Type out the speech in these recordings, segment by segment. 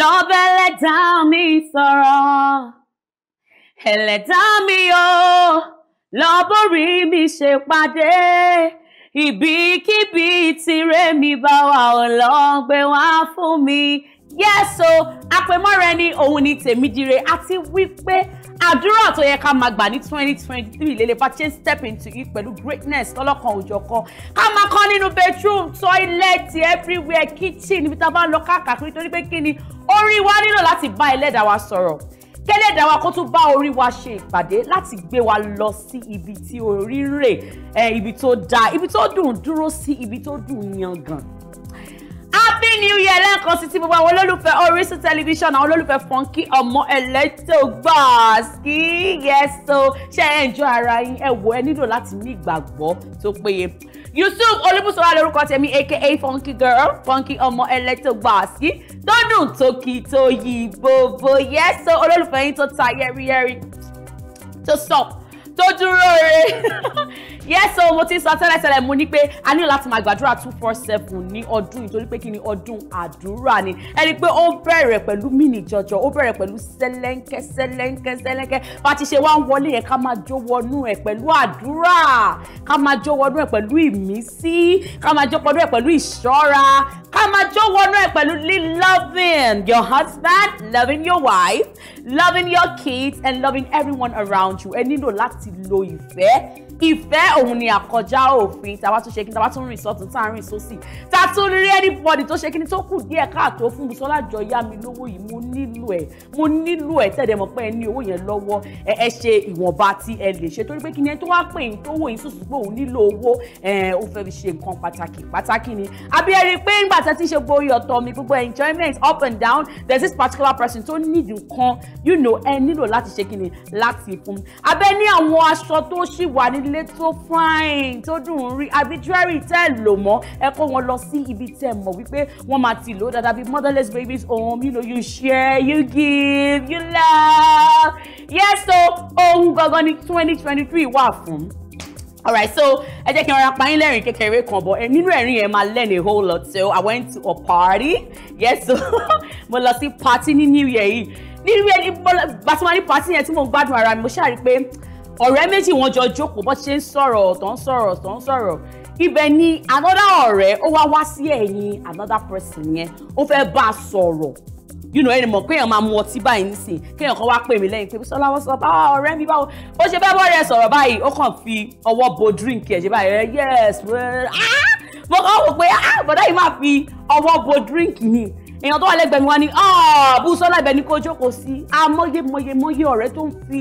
lọ́bẹ̀ ẹlẹ́dà mi sọ̀rọ̀ ẹlẹ́dà mi o lọ́bọ̀rí mi ṣe pàdé ibikíbi tìrẹ mi bá wà ọ̀ lọ́gbẹ̀ wá fún mi yes o àpèmọ́ra ẹni òun ni tèmídìrẹ àti wípé àdúrà tó yẹ ká máa gbà ní twenty twenty three lè lè bá ṣe step into it pẹ̀lú greatness lọ́lọ́kan òjọ̀kan ká máa kọ́ nínú bedroom toilet everywhere kitchen níbi tá a bá ń lọ káàkiri torí pé kí ni orí wa nílò láti bá ẹlẹ́dàá wa sọ̀rọ̀ kẹlẹ́dàá wa kó tún bá orí wa ṣe ìpàdé láti gbé wa lọ sí ibi tí orí rè ibi tó dáa ibi tó dùn dúró sí ibi tó dùn yangàn happy new year lẹ́ẹ̀kan sí ti gbogbo àwọn olólùfẹ́ Orísun tẹlifíṣàn àwọn olólùfẹ́ fọ́nkì ọmọ ẹlẹ́tò gbàásì yẹ́sọ ṣe ẹ̀ ń jọ ara yín ẹ wò ẹ nílò láti ní ìgbàgbọ́ tó péye. Yusuf Olúbùsọ̀lá lórúkọ tèmi aka funky girl funky ọmọ ẹlẹ́tò gbàásì tó dùn tó kì tó yí gbogbo yẹ́sọ olólùfẹ́ yín tó ta yẹ́rìyẹ́rì tó stop tó dúró re yes o mo ti sọ tẹ́lẹ̀tẹ́lẹ̀ mo ní pé a ní láti máa gbàdúrà two four seven ní ọdún nítorí pé kí ni ọdún àdúrà ni ẹni pé ó bẹ̀rẹ̀ pẹ̀lú mini jọjọ ó bẹ̀rẹ̀ pẹ̀lú sẹ́lẹ́ńkẹ́ sẹ́lẹ́ńkẹ́ sẹ́lẹ́ńkẹ́ bá ti ṣe wá ń wọlé yẹn ká máa jó wọnú ẹ̀ pẹ̀lú àdúrà ká máa jó wọnú ẹ̀ pẹ̀lú ìmísí ká máa jó wọnú ẹ̀ pẹ̀lú ìṣọ́ra ká máa jó wọnú ẹ̀ pẹ̀lú loving your husband loving your wife loving your kids and loving everyone around you ẹ nílò láti lo ìfẹ́ ìfẹ́ òun ni àkọjá òfin tàbá tún ṣe kí ni tàbá tún rìn sọ́tún tá à ń rìn sósì tá a tún rí anybody tó ṣe kí ni tó kù díẹ̀ káàtó fún Bùsọ́lá Jọ̀yà mi lówó yìí mo nílò ẹ̀ mo nílò ẹ̀ tẹ̀dẹ̀ mọ̀ pé ẹ ní owó yẹn lọ́wọ́ ẹ ṣe ìwọ̀nba tí ẹ lè ṣe torí pé kí ni ẹni tó wá pè yín tó wò yín sùsù pé òun nílò owó ó fẹ́ fi ṣe nǹkan pàtàkì pàtàkì ni àbí ẹ rí i pé nígbà tí ẹ ti ṣe gbórí ọ̀tọ̀ mi gbogbo enjoyment up and down there is this particular person tó need nǹkan you know ẹ nílò láti ṣe kí ni láti fún abẹ́ ní àwọn aṣọ tó ṣì wà ní ilé tó fine tó dùn ún rí àbí jewelry tẹ́ ẹ̀ lò mọ́ ẹ kó wọn lọ sí ibi tẹ́ ẹ mọ̀ wípé wọ́n máa ti lò dáadáa bíi motherless babies ohun you know you share you give you love yes so ohun gangan ni twenty twenty three wà fún alright so ẹ jẹ́ kí n rọra pa yín lẹ́rìn kékeré kan bọ̀ ẹ nínú ẹ̀rín yẹn máa learn a whole lot so i went to a party yes so mo lọ sí party ní new year yìí nínú ẹni gbàtúmọ̀ ní party yẹn tí mo gbádùn ara mi mo ṣáà rí i pé ọ̀rẹ́ méjì wọn jọ jókòó bó ṣe ń sọ̀rọ̀ tó ń sọ̀rọ̀ tó ń sọ̀rọ̀ ibẹ̀ ni another ọ̀rẹ́ ó wá wá sí ẹ̀yìn another person yẹn ó fẹ́ bá a sọ̀rọ̀ you know ẹni mọ̀ pé èèyàn máa mu ọtí báyìí nísìn kéèyàn kan wá pè mí lẹ́yìn pé Bísọ́lá wọ́n sọ báwa ọ̀rẹ́ mi báwo ó ṣe fẹ́ bọ́ọ̀rẹ́ sọ̀rọ̀ báyìí ó kàn fi ọwọ́ bo drink ẹ̀ ṣe báyìí eh, yes Ah, mo kàn wò pé ah, bọ̀dá yìí máa fi ọwọ́ bo drink ni èèyàn tó wà lẹ́gbẹ̀ẹ́ mi wá ní ah, Bùsọ́lá ibẹ̀ ni kò jókòó sí amóyemóyemóye ọ̀rẹ́ tó ń fi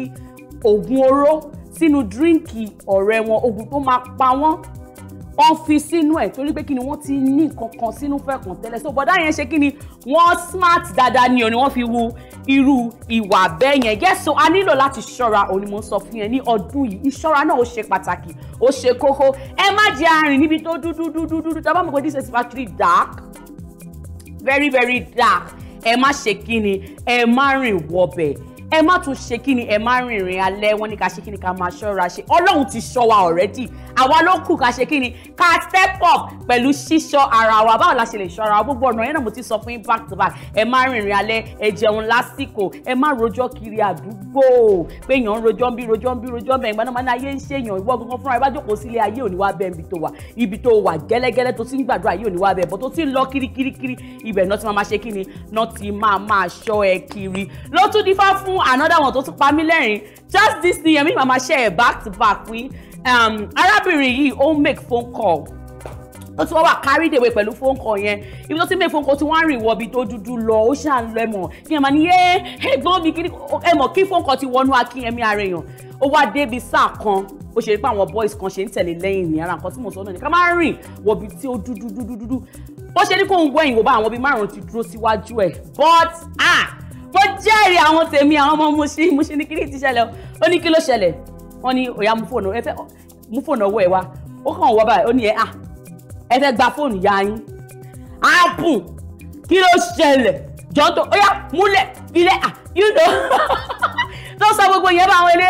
oògùn oró sínú díríǹkì ọ̀rẹ́ wọn oògùn tó máa pa wọ́n wọ́n fi sínú ẹ̀ torí pé kí ni wọ́n ti ní nǹkan kan sínú fẹ̀kàn tẹ́lẹ̀ so bọ́dá yẹn ṣe kí ni wọ́n smart dáadáa ni ò ní wọ́n fi wu irú ìwà bẹ́ẹ̀ yẹn yes so a nílò láti ṣọ́ra onímọ̀ sọ fún yẹn ní ọdún yìí ìṣọ́ra náà ó ṣe pàtàkì ó ṣe kókó ẹ má jẹ́ arìn níbi tó dúdú dúdú dúdú tá a bá mọ̀ pé this is actually dark very very dark ẹ má ṣe kí ni ẹ má rìn wọbẹ̀ ẹ má tún ṣe kí ni ẹ má rìnrìn alẹ́ wọ́n ní ká ṣe kí ni ká máa ṣọ́ra ṣe ọlọ́run ti ṣọ́ wa already àwa ló kù ká ṣe kí ni ká step up pẹ̀lú ṣíṣọ́ ara wa báwo la ṣe lè ṣọ́ ara wa gbogbo ọ̀nà yẹn náà mo ti sọ fún yín back to back ẹ má rìnrìn alẹ́ ẹ jẹun lásìkò ẹ má rojọ́ kiri àdúgbò pé èèyàn rojọ́ ń bí rojọ́ ń bí rojọ́ bẹ́ẹ̀ ìgbà náà máa ní ayé ń ṣe èèyàn ìwọ gangan fúnra ẹ bá jókòó sílé ayé ò ní wá bẹ́ẹ̀ ibi tó wà ibi tó wà gẹ́lẹ́gẹ́lẹ́ tó ti ń gbàdúrà ayé ò wá bẹ́ẹ̀ bọ́ tó ti ń lọ kirikirikiri ibẹ̀ náà ti máa máa ṣe kí ni náà ti máa máa ṣọ́ ẹ kiri ló tún dífá fún another one tó tún pa mí lẹ́rìn just this ni yẹn mi màmá ṣe ẹ̀ back to back wí um, arábìnrin yìí ó ń make phone call ó ti wọ́n wà carried away pẹ̀lú phone call yẹn ibi tó ti make phone call tí wọ́n á rìn wọ ibi tó dúdú lọ ó ṣáà ń lọ ẹ̀mọ̀ kí ẹ̀ máa ní yé ẹ̀gbọ́n mi kí ẹ̀mọ̀ kí phone call ti wọnú akínyẹmí ara èèyàn ó wá débi sáà kan ó ṣe pé àwọn boys kan ṣe ń tẹ̀lé lẹ́yìn ní ara nǹkan tí mò ń sọ náà ni ká máa rìn wọ ibi tí ó dúdú dúdú dúdú bó ṣe ní kó ń wẹ̀yìn wò bá àwọn bíi márùn-ún ti dúró síwájú ẹ̀ but ah mo jẹ́rìí àwọn tèmi àwọn ọmọ mo ṣe mo ṣe ní kí ni ti ṣẹlẹ̀ ó ní kí ló ṣẹlẹ̀ wọ́n ní ọ̀yà mú fóònù ẹ fẹ́ mú fóònù ọwọ́ ẹ wá ó kàn wọ́ báyìí ó ní ẹ à ẹ fẹ́ gba fóònù ya yín áàpùn kí ló ṣẹlẹ̀ jọ́ntò ó yá múlẹ̀ ilẹ̀ à you know tó sọ gbogbo yẹn bá àwọn ilé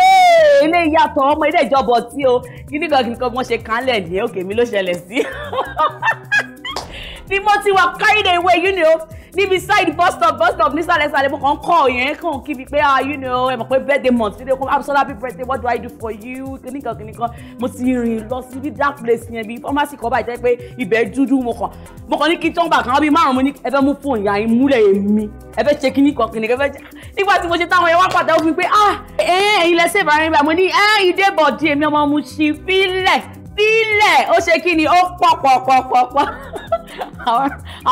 ilé ìyàtọ̀ ọmọ ilé ìjọba tí o kíníkan kíníkan wọ́n ṣe kánlẹ̀ ní òkè mi ló ṣẹlẹ̀ sí ni mo ti wà carried away you know níbi side bus stop bus stop nísàlẹ̀ sàlẹ̀ mo kàn ń kọ́ yẹn kàn kí mi pé ah you know ẹ mọ̀ pé birthday month nílé kó absolute happy birthday what do I do for you kìnìkan kìnìkan mo ti rìn lọ sí bí dark place yẹn bí pharmacy kan báyìí jẹ́ pé ibẹ̀ dúdú mo kàn mo kàn ní kí tọ́ǹbà kan bí márùn-ún mo ní ẹ fẹ́ mú fóònù yà yín múlẹ̀ èmi ẹ fẹ́ ṣe kìnìkan kìnìkan fẹ́ nígbà tí mo ṣe táwọn yẹn wá pàtàkì fún mi pé ah ẹ̀yin lẹ́sẹ̀ eh, ìbára sílẹ̀ ó ṣe kí ni ó pọ̀ pọ̀ pọ̀ pọ̀ pọ̀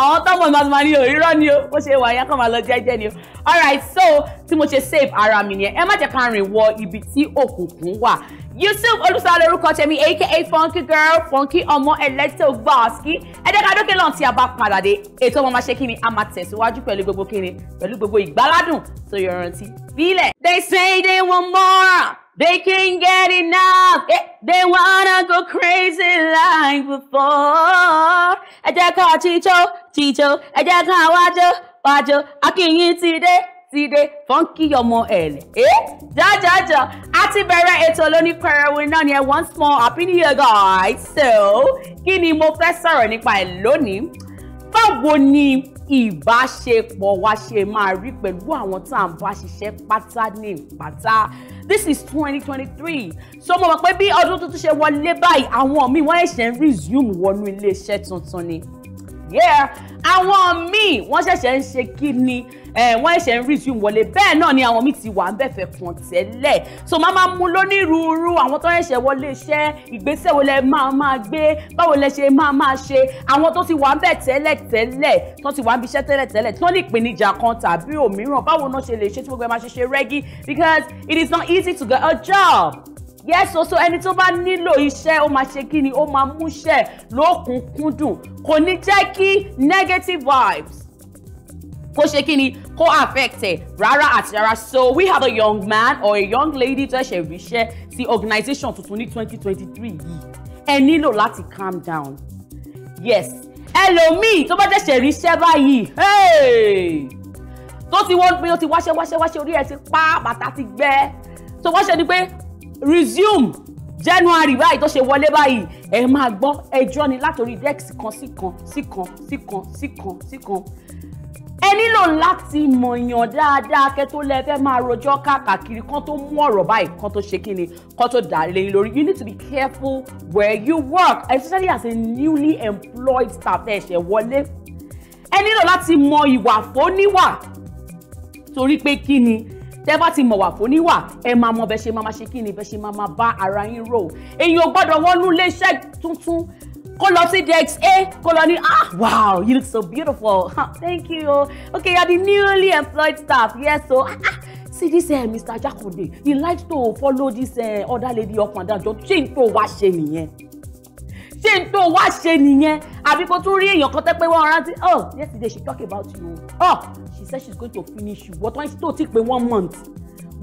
àwọn tọ́mọ̀ ìmọ̀ àtúmọ̀ ni òrírọ́ ni o bó ṣe wà yẹn kàn máa lọ jẹ́jẹ́ ni o alright so tí mo ṣe save ara mi nìyẹn ẹ má jẹ́ ká rìn wọ ibi tí òkùnkùn wà Yusuf olùsọ lórúkọ tèmi aka funky girl funky ọmọ ẹlẹ́tẹ̀ ògbà ọ̀sìkí ẹ̀ẹ́dẹ́gbàdókè náà tí a bá padà dé ètò ọmọ máa ṣe kí ni a máa tẹ̀síwájú pẹ̀lú gbogbo kí ni pẹ̀lú gbogbo ìgbáládùn tó yọrantí bílẹ̀. they say they want more. They can't get enough. Eh, they wanna go crazy like before. I Ẹjẹ́ Ticho, chicho, chicho. just call wájọ, wájọ. can't hear ti dé. Funky ọmọ Eh? Ja jọjọjọ. ja. Ati bẹ̀rẹ̀ ètò lóní pẹrẹwu náà ni once more happy new year guys. So kini mo fẹ́ ni kwa ẹ̀ lónìí? ni ìbáṣepọ̀ wa ṣe máa rí pẹ̀lú àwọn tá à ń bá ṣiṣẹ́ pátá ní pátá this is twenty twenty three so mo mọ̀ pé bí ọdún tuntun ṣe wọlé báyìí àwọn míì wọ́n ṣẹ̀ṣẹ̀ ń resume wọnú iléeṣẹ́ tuntun ni yeah àwọn míì wọ́n ṣẹ̀ṣẹ̀ ń ṣe kí ni wọ́n ṣẹ̀ṣẹ̀ ń resume wọlé bẹ́ẹ̀ náà ni àwọn míì ti wà ń bẹ̀fẹ̀ kàn tẹ́lẹ̀ so máa máa mú lónírúurú àwọn tó ṣẹ̀ṣẹ̀ wọlé iṣẹ́ ìgbésẹ̀ wo lẹ máa máa gbé báwo lẹ ṣe máa máa ṣe àwọn tó ti wà ń bẹ̀ tẹ́lẹ̀ tẹ́lẹ̀ tó ti wà ń biṣẹ́ tẹ́lẹ̀ tẹ́lẹ̀ tó ní ìpèníjà kan tàbí òmíràn báwo náà ṣe lè ṣe tí gbogbo ẹ máa ṣe ṣe rẹ́gí because it is not easy to get a job yes so so ẹni tó bá nílò iṣẹ́ ó máa ṣe kí ni ó máa múṣẹ́ lókùnkúndùn kò ní jẹ́ kí negative vibes kó ṣe kí ni kó affect ẹ rárá àti rárá so we have a young man or a young lady tó ṣe ríṣẹ́ sí organisation tuntun ní twenty twenty three yìí ẹ nílò láti calm down yes ẹlòmíì tó bá ṣẹ̀ṣẹ̀ ríṣẹ́ báyìí tó ti wọ́n pé ó ti wáṣẹ́ wáṣẹ́ wáṣẹ́ orí ẹ̀ ti pa bàtà ti gbẹ tó wáṣẹ́ ni pé resume january báyìí tó ṣe wọlé báyìí ẹ máa gbọ́ ẹjọ́ ni látòrí dex kan sí kan sí kan sí kan sí kan sí kan ẹ nílò láti mọ̀yàn dáadáa kẹ́ tó lẹ fẹ́ máa rojọ́ káàkiri kan tó mú ọ̀rọ̀ báyìí kan tó ṣe kíni kan tó dà lé lórí you need to be careful where you work especially as a newly employed staff ẹ ṣẹ̀ wọlé ẹ nílò láti mọ ìwà fóníwà torí pé kíni tẹ́ bá ti mọ̀ wà fún níwà ẹ máa mọ bẹ ṣe máa ṣe kí ni bẹ ṣe máa máa bá ara yín rò èèyàn gbọ́dọ̀ wọnú iléeṣẹ́ tuntun kó lọ sí DXA kó lọ ní ah wow you look so beautiful thank you okay you are the newly employed staff yes so ah, ah. see this uh, eh, Mr. Jacode he likes to follow this uh, other lady up and down jọ ṣé n tó wá ṣe nìyẹn ṣé n tó wá ṣe nìyẹn àbí kó tún rí èèyàn kan tẹ́ pé wọ́n rántí oh yesterday she talk about you oh she said she's going to finish you but wọ́n tó ti pé one month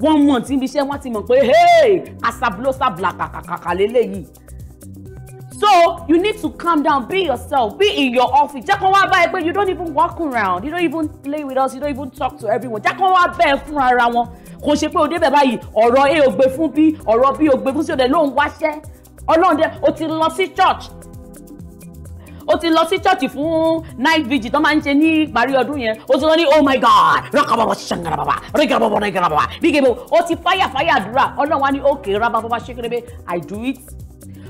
one month níbi iṣẹ́ wọ́n ti mọ̀ pé hey asablosa blakakakaka lélẹ́yìí so you need to calm down be yourself be in your office jẹ́ kó wá bá pé you don't even walk around you don't even play with us you don't even talk to everyone jẹ́ kó wá bẹ́ẹ̀ fún ara wọn kò ṣe pé òde bẹ̀ báyìí ọ̀rọ̀ a ò gbé fún b ọ̀rọ̀ b ò gbé fún sí òde ló ń wáṣẹ́ ọlọ́run dẹ o ti lọ sí church o ti lọ sí church fún night vigil tó máa ń ṣe ní ìparí ọdún yẹn o ti lọ ní oh my god rákàbàbà ṣàǹgàràbàbà rákàbàbà rákàbàbà bíkẹ́bẹ̀ o ti fáyà fáyà àdúrà ọlọ́run wa ní òkè rábàbà ṣékérébé i do it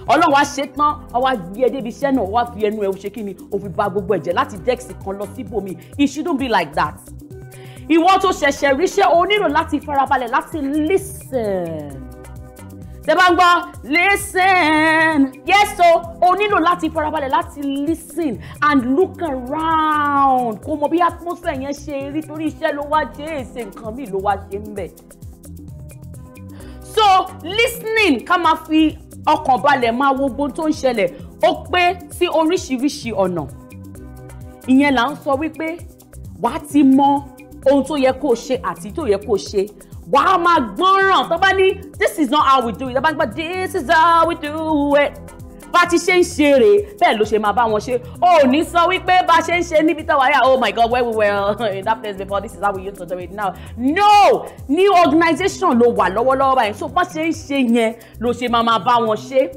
ọlọ́run wa ṣe tán ọwọ́ gbé ẹ e débi iṣẹ́ náà ọwọ́ fi ẹnu ẹ o ṣe kí ni o fi ba gbogbo ẹ̀jẹ̀ láti dẹ́ẹ̀sì kan lọ síbòmí it shouldn't be like that ìwọ tó ṣẹ̀ṣẹ̀ ríṣẹ́ o nílò láti farabalẹ̀ láti listen tẹ bá ń gbọ́ listen yes so o nílò láti farabalẹ̀ láti listen and look around kó mọ bí atmosphere yẹn ṣe rí torí iṣẹ́ ló wá ṣe é nǹkan míì ló wá ṣe ń bẹ̀. so listening ká máa fi ọkàn balẹ̀ máa wo gbogbo tó ń ṣẹlẹ̀ ó pé sí oríṣiríṣi ọ̀nà ìyẹn là ń sọ wípé wàá ti mọ ohun tó yẹ kó o ṣe àti tó yẹ kó o ṣe wà á máa gbọ́ràn tó bá ní this is not how we do it tó bá ní pa this is how we do it bá ti ṣe ń ṣe rèé bẹ́ẹ̀ ló ṣe máa bá wọn ṣe ò ní sọ wípé bá ṣe ń ṣe níbi tó wáyà oh my god where we were in that place before this is how we used to do it now no ní organisation ló wà lọ́wọ́lọ́wọ́ báyìí so bá ṣe ń ṣe yẹn ló ṣe máa máa bá wọn ṣe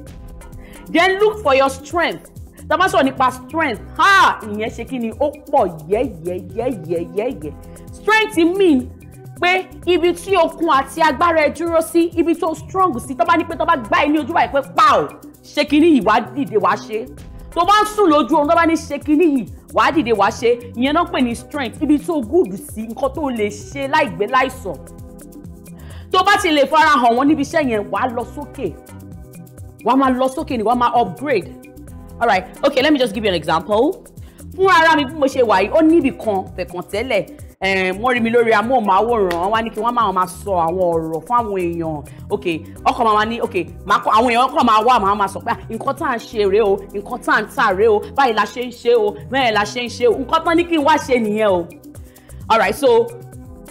then look for your strength tá a bá sọ̀rọ̀ nípa strength ha ìyẹn ṣe kí ni ó pọ̀ yẹ́yẹ́yẹ́yẹ́yẹ́ strength mean pé ibi tí okun àti agbára ẹ dúró sí ibi tó strong sí tó bá ní pé tó bá gbá ẹ ní ojú wa ẹ pé pàó ṣe kínní yìí wàá dìde wàá ṣe tó bá ń sùn lójú oorun tó bá ní ṣe kínní yìí wàá dìde wàá ṣe ìyẹn náà pè ní strength ibi tó good sí nǹkan tó lè ṣe láìgbé láìsàn tó bá ti lè fara hàn wọn níbi iṣẹ́ yẹn wàá lọ sókè wàá máa lọ sókè ni wàá máa upgrade alright okay let me just give you an example fún ara mi bí mo ṣe wà yìí ó níbì kan fẹ̀kàn tẹ́lẹ̀ wọ́n rí mi lórí amóhùnmáwòrán wọ́n ní kí wọ́n máa máa sọ àwọn ọ̀rọ̀ fún àwọn èèyàn ok ọkọ̀ máa ní ok àwọn èèyàn ọkọ̀ máa wá máa máa sọ pé ah, nǹkan tá à ń ṣe rèé o nǹkan tá à ń tà rèé o báyìí la ṣe ń ṣe o bẹ́ẹ̀ la ṣe ń ṣe o nǹkan tán ní kí n wá ṣe nìyẹn o alright so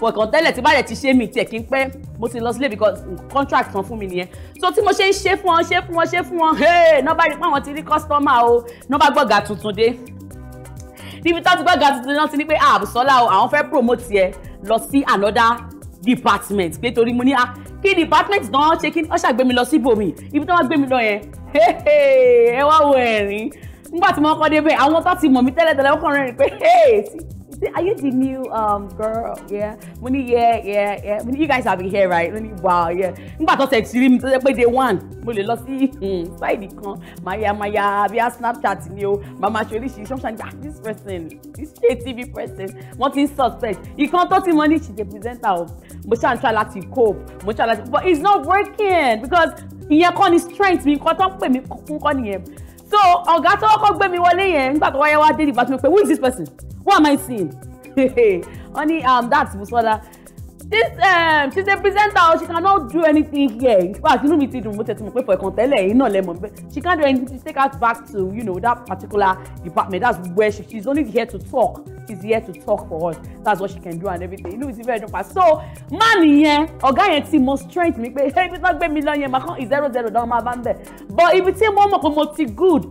fọkàn tẹ́lẹ̀ tí bàdẹ̀ ti ṣe mi tẹ̀ kí n pẹ́ mo ti lọ sílé because contract kan fún mi nìyẹn so tí mo ṣe ń ṣe fún wọn ṣe fún wọn ṣe fún wọn hey nọ́bà rí pé àwọn ti rí customer o nọ́bà gbọ̀gà tuntun dé níbi tó ti gbọ́gà tuntun náà ti ní pé ah, àbùsọ́lá o àwọn fẹ́ promote ẹ lọ sí another department pé torí mo ní a ah, kí department náà ṣe kí ọ ṣàgbé mi lọ sí ibòmí ibi tó wá gbé mi lọ yẹn ẹ wá wo ẹ̀rín nígbà tí mo kọ́ débẹ̀ àwọn tó ti mọ̀ mí tẹ́lẹ̀tẹ́lẹ̀ ó kàn rẹ́rìn pé Are you the new um, girl? Yeah. Mo ní yeah yeah yeah. Mo you guys have been here right? Mo ní wow yeah. Nígbà tó ṣe ti rí mi tó ṣe pé day one mo lè lọ sí hmm, sáìdì kan mayamaya bíi Snapchat ni o màmá ṣe oríṣiríṣi ṣọ́ṣà ní ah, this person this JTV person wọ́n ti ń can't talk to money. She's a presenter o mo ṣáà ń try láti cope mo ṣáà but it's not working because ìyẹn kọ́ ni strength mi nǹkan tó ń pè mí kún kọ́ nìyẹn so ọ̀gá tó kọ́kọ́ gbé mi wọlé yẹn nígbà tó wáyé wá dé ìgbà tó mi pé who is this person who am I seeing wọ́n ní um, that's Busola this um, she's a presenter she cannot do anything here in fact inú mi ti dùn mo tẹ̀ tí mo pé for ẹ̀kan tẹ́lẹ̀ yìí náà lẹ́mọ̀ she can't do anything to take us back to you know that particular department that's where she she's only here to talk she's here to talk for us that's what she can do and everything inú mi ti fẹ́ dùn pa so má nìyẹn ọ̀gá yẹn ti mọ strength mi pé ibi tí wọ́n gbé mi lọ yẹn màá kàn zero zero dáwọn máa bá ń bẹ̀ but ibi tí mo mọ̀ pé mo ti good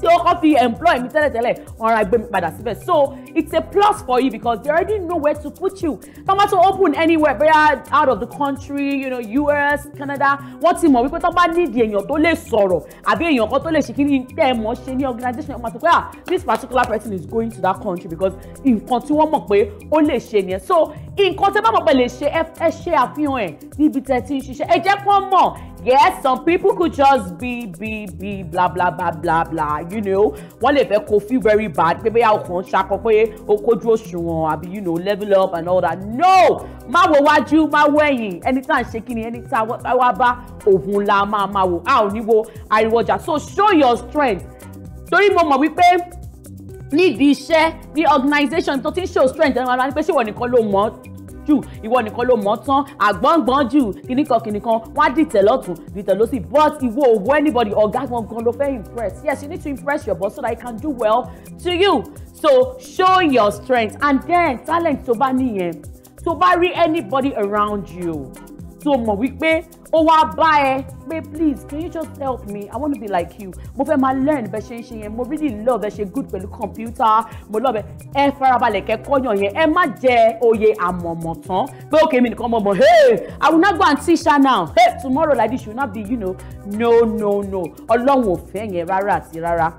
tí ó kọ́ fi employ mi tẹ́lẹ̀tẹ́lẹ̀ wọ́n ra gbé mi padà síbẹ̀ so it's a plus for you because they already know where to put you tó bá tó open anywhere bóyá out of the country you know US Canada wọ́n ti mọ̀ wípé tó bá need èèyàn tó lè sọ̀rọ̀ àbí èèyàn kan tó lè ṣe kí ni tẹ́ ẹ mọ̀ ṣe ní organization ọmọ àti pé ah this particular person is going to that country because nǹkan tí wọ́n mọ̀ pé ó lè ṣe nìyẹn so nǹkan tẹ́ bá mọ̀ pé lè ṣe ẹ ṣe àfihàn ẹ̀ níbi tẹ́ ti ń ṣiṣẹ́ ẹ jẹ́ kó mọ̀ yes some people could just be be be bla bla bla bla bla you know wọ́n lè fẹ́ kó feel very bad pé bóyá ọkàn ṣakọ pé ó kójú òṣùwọ̀n àbí you know level up and all that no má wo wájú má wo ẹ̀yìn ẹni tá à ń ṣe kí ni ẹni tá a wá bá òun la máa máa wò a ò ní wo ariwo ọjà so show your strength torí mo mọ̀ wípé nídìí iṣẹ́ ní organization tó ti ń show strength ẹni wọn ni pé ṣé ìwọ nìkan ló mọ̀ jù ìwọ nìkan ló mọ̀ tán àgbọ̀ngbọ̀n jù kìnìkan kìnìkan wọ́n á dìtẹ̀ lọ́tún dìtẹ̀ lọ́sì but ìwọ òwò anybody ọ̀gá gangan ló fẹ́ impress yes you need to impress your boss so that he can do well to you so show your strength and then talent tó bá nìyẹn tó bá rí anybody around you tó mọ̀ wípé ó wá bá ẹ pé please can you just help me i want to be like you mo fẹ́ máa learn bẹ́ẹ̀ ṣe ń ṣe yẹn mo really love ẹ ṣe good pẹ̀lú computer mo love ẹ ẹ farabalẹ̀ kẹ́kọ̀ọ́ yàn yẹn ẹ má jẹ oyè àmọ̀mọ̀ tán pé okay mi nìkan mọ̀ mọ̀ hey i will not go and teach her now hey tomorrow like this should not be you know no no no ọlọ́run ò fẹ́ yẹn rárá àti rárá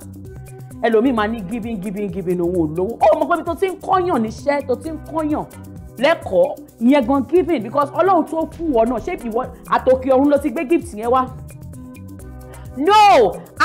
ẹlòmíì máa ní giving giving giving owó olówó ó mọ̀ pé tó ti ń kọ́yàn níṣẹ́ tó ti ń kọ́yàn lẹ́kọ̀ọ́ ìyẹn gan giving because ọlọ́run tó fún wọn náà ṣé ìwọ àtòkè ọ̀run ló ti gbé gift yẹn wá no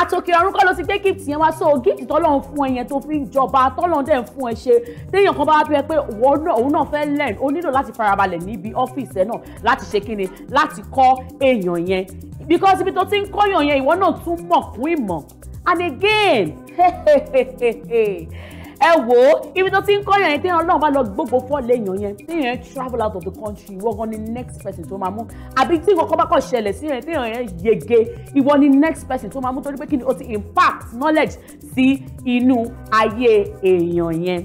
àtòkè ọ̀run kọ́ ló ti gbé gift yẹn wá so gift tọ́lọ́run fún ẹ yẹn tó fi ń jọba tọ́lọ́run dẹ̀ ń fún ẹ ṣe téèyàn kan bá wá bí ẹ pé òun náà fẹ́ learn ó nílò láti farabalẹ̀ níbi ọ́fíìsì ẹ náà láti ṣe kíni láti kọ́ èèyàn yẹn because ibi tó ti ń kọ́yàn yẹn ìwọ náà tún mọ̀ fún ìmọ̀ and again ẹ wò ó ibi tó ti ń kọ́yàn yẹn téèyàn náà bá lọ gbogbo fọ́ léèyàn yẹn téèyàn travel out of the country ìwọ gan ni next person tó máa mú àbí tí nǹkan bá kàn ṣẹlẹ̀ sí yẹn téèyàn yẹn yege ìwọ ni next person tó máa mú torí pé kí ni o ti impact knowledge sí inú ayé èèyàn yẹn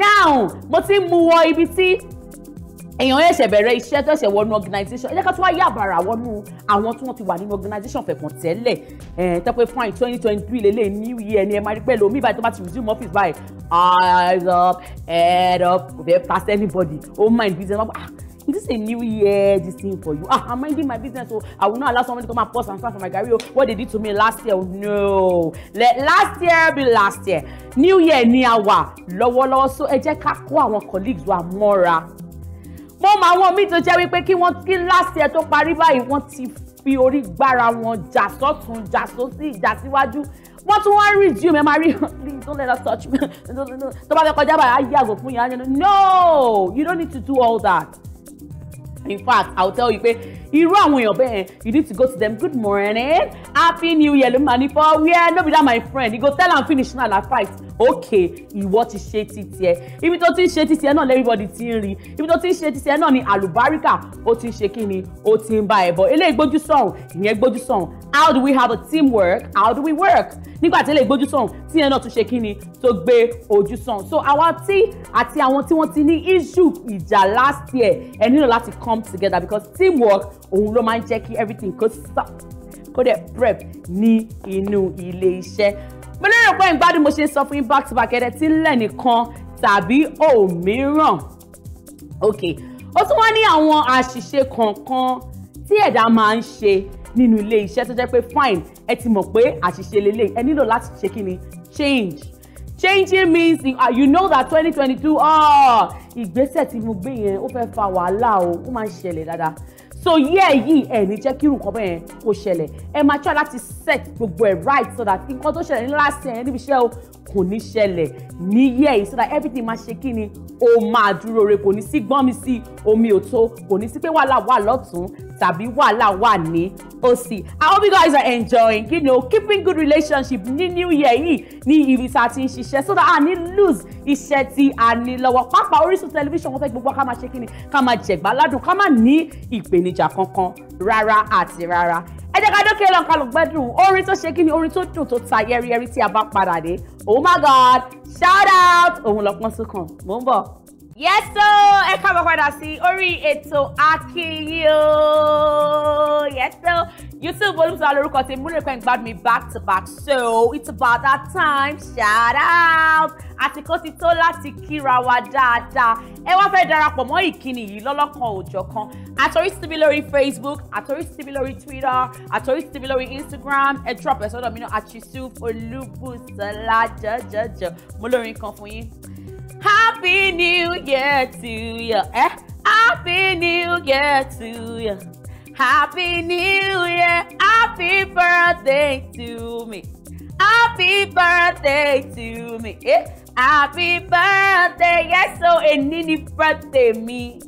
now mo ti mú wọ ibi tí èèyàn ẹ̀ṣẹ̀ bẹ̀rẹ̀ iṣẹ́ tó ẹ̀ṣẹ̀ wọnú organisation ẹ jẹ́ ká tún wá yá àbàrà wọnú àwọn tí wọ́n ti wà nínú organisation fẹ̀kàn tẹ́lẹ̀ ẹ̀ tẹ́pẹ́ fine twenty twenty three lélẹ̀ new year ni ẹ máa rí pẹ́ lómi ìbáyìí tó bá ti resume office by eyes up head up kò fẹ́ pass anybody oh my business wọ́n pa ah this is a new year this thing for you ah i'm minding my business o i will not allow someone to come and pour some sand for my garri o what they did to me last year oh no let last year be last year new year ni a wà lọ́wọ́lọ́wọ́ so ẹ jẹ́ ká kó àwọn colleagues wa mọ́ra mo mọ àwọn míì tó jẹ́ wípé kí wọ́n kí láti ẹ tó parí báyìí wọ́n ti fi orí gbára wọn jà sọ́tún jà sósì jà síwájú wọ́n tún wọ́n rí jù mẹ́ma rí please don't let us touch me tó bá fẹ́ kọjá báyìí á yàgò fún yàrá yẹn no you don't need to do all that in fact i will tell you pé irú àwọn èèyàn bẹ́ẹ̀ you need to go to them good morning happy new year ló máa ní for where no be that my friend you go tell am finish now na fight okay ìwọ ti ṣe ti tiẹ̀ ibi tó ti ń ṣe ti tiẹ̀ náà everybody ti ń rí ibi tó ti ń ṣe ti tiẹ̀ náà ni àlùbáríkà ó ti ń ṣe kí ni ó ti ń bá ẹ̀ bọ̀ eléyìí gbójú sọ̀hún ìyẹn gbójú sọ̀hún how do we have a teamwork how do we work nígbà tí eléyìí gbójú sọ̀hún tí ẹ̀ náà tún ṣe kí ni tó gbé ojú sọ̀hún so àwa tí àti àwọn tí wọ́n ti ní issue ìjà last year ẹ̀ nílò láti come together because teamwork òun ló máa ń jẹ́ kí everything kó sọ kó dẹ̀ prep ní inú ilé iṣẹ́ mo lérò pé ìgbádùn mo ṣe sọ fún yín back to back ẹ̀dẹ̀ tí ń lẹ̀ nìkan tàbí òmíràn ok ó tún wá ní àwọn àṣìṣe kọ̀ọ̀kan tí ẹ̀dá máa ń ṣe nínú ilé iṣẹ́ tó jẹ́ pé fine ẹ ti mọ̀ pé àṣìṣe lélẹ̀ ẹ nílò láti ṣe kí ni change changing means uh, you know that twenty twenty two ah, ìgbésẹ̀ tí mo gbé yẹn ó fẹ́ fa wàhálà o ó máa ń ṣẹlẹ̀ dáadáa so yẹ́ yìí ẹ̀ ní jẹ́ kí irú nǹkan bẹ́ẹ̀ yẹn kó ṣẹlẹ̀ ẹ máa try láti set gbogbo ẹ̀ right so that nǹkan tó ṣẹlẹ̀ ní last year níbi iṣẹ́ o kò ní ṣẹlẹ̀ níyẹ̀ yìí so that everything máa ṣe kí ni ó máa dúró re kò ní sí gbọ́n mi sí omi ò tó kò ní sí pé wàhálà wà lọ́tún tàbí wàhálà wà ní òsì. I hope you guys are enjoying you know keeping good relationship ní new year yìí ní ibi tá a ti ń ṣiṣẹ́ so that a ní lose iṣẹ́ tí a ní lọ́wọ́ pápá Orísun tẹlifíṣàn wọn fẹ́ gbogbo ká máa ṣe kí ni ká máa jẹ̀gbá ládùn ká máa ní ìpèníjà kankan rárá àti rárá ẹ jẹ́ ká dókè lọ kálù gbẹ́dùn orin tó ṣe kí ni orin tó dùn tó ta yẹ́rìyẹ́rì tí a bá padà dé oh my god shout out òun lọ́pọ́n sókàn mò ń bọ̀ yẹ́sọ́ ẹ káàbọ̀ padà sí orí ètò AkiiYin o yẹ́sọ́ YouTube olùsọ alórúkọ ti múlẹ̀ pẹ́ gbádùn mi back to back so it's about that time shout out àsìkò ti tó láti kíra wa dáadáa ẹ wá fẹ́ darapọ̀ mọ́ ìkíni yìí lọ́lọ́kan òjọ̀kan àtọ́rí síbi lórí Facebook àtọ́rí síbi lórí Twitter àtọ́rí síbi lórí Instagram ẹ drop ẹ sọ́dọ̀ mi náà àti Yusuf Olúbùsọ́lá jọjọjọ mo lórin kan fún yín. Happy New Year to you. Eh? Happy New Year to you. Happy New Year. Happy birthday to me. Happy birthday to me. Eh? Happy birthday. Yes, so a nini birthday me.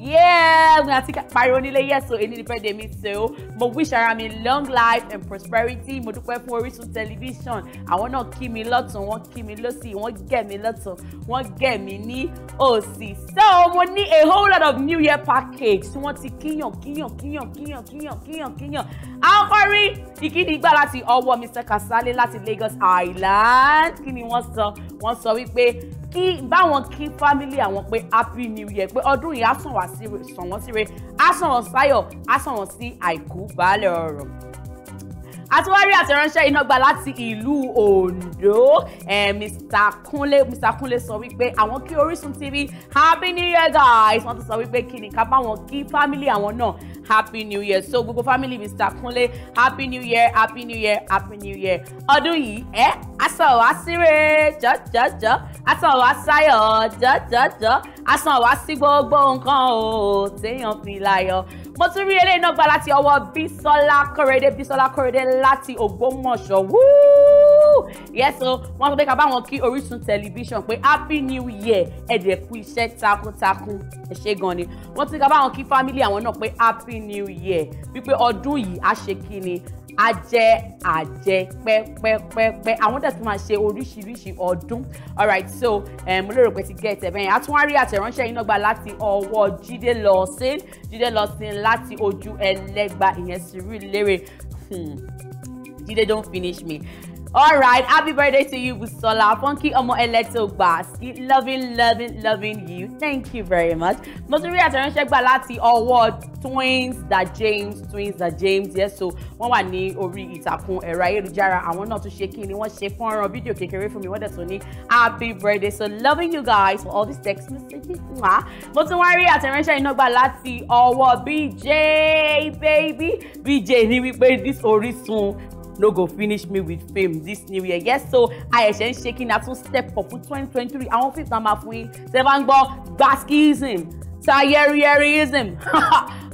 yeah mi àti pariwo nílé yes o èyí ni birthday mi ṣe o mo wish ara mi long life and prosperity mo dúpẹ́ fún Orísun tẹlifíṣàn àwọn náà kí mi lọ́tún wọ́n kí mi lọ́sì wọ́n gẹ̀ mí lọ́tún wọ́n gẹ̀ mí ní òsì so mo ní a whole lot of new year package tí wọ́n ti kíyàn kíyàn kíyàn kíyàn kíyàn kíyàn kíyàn àwọn kan rí ìkíni gbà láti ọwọ́ Mr Kasale láti Lagos Island kí ni wọ́n sọ wọ́n sọ wípé kí báwọn kí fámílì àwọn pé happy new year pé ọdún yìí á sàn wọ́n síre á sàn wọ́n sáyọ̀ á sàn wọ́n sí àìkú baálé ọ̀rọ̀ àtiwárí àtẹ̀ránṣẹ́ iná gba láti ìlú Ondo Mr. Kúnlé Mr. Kúnlé sọ wípé àwọn kí Orísun TV happy new year guys wọ́n ti sọ wípé kí ni ká bá wọn kí family àwọn náà happy new year so gbogbo family Mr. Kúnlé happy new year happy new year happy new year ọdún yìí ẹ asọ̀wá síre jọ́jọ́jọ́ asọ̀wá sáyọ̀ jọ́jọ́jọ́ asán wa si gbogbo nǹkan o téèyàn fi láyọ̀ mo tún rí eléyìí náà gbà láti ọwọ́ Bísọ́lá korede Bísọ́lá Kọ́rẹ́dé láti Ògbómọ̀ṣọ́ wúú yes o wọ́n sọ pé ká bá wọn kí Orísun tẹlifíṣàn pé happy new year ẹ̀dẹ̀ kú iṣẹ́ takuntakun ẹ ṣé gan ni wọ́n tún ká bá wọn kí fámílì àwọn náà pé happy new year wípé ọdún yìí á ṣe kí ni ajẹ ajẹ pẹpẹpẹpẹ àwọn dẹ̀ tún máa ṣe oríṣiríṣi ọdún alright so eh, mo lérò pé ti get ẹ bẹ́yẹn àtúnwárí àtẹ̀ránṣẹ́ yín náà gba láti ọwọ́ Jídé Lọ́sìn Jídé Lọ́sìn láti ojú ẹlẹ́gba ìyẹn sùúrù lérè hmm. Jídé don't finish me alright happy birthday to you Busola funky ọmọ ẹlẹtọgbà loving loving loving you thank you very much mo tún rí àtẹ̀ránṣẹ́ gbà láti ọwọ́ twins da James twins da James yes so wọ́n wà ní orí ìtàkùn ẹ̀rọ ayélujára àwọn náà tún ṣe kí ni wọ́n ṣe fọ́nrán fídíò kékeré fún mi wọ́n dẹ̀ tún ní happy birthday so loving you guys for all these text messages mwah mo tún wá rí àtẹ̀ránṣẹ́ iná gbà láti ọwọ́ BJ baby BJ ní wípé this Orísun no go finish me with fame this new year yes so ayẹ̀ṣẹ̀ ń ṣe kí ni a tún step up for twenty twenty three àwọn fífi náà máa fún yín ṣe bá ń gbọ́ gbaskism sayerierism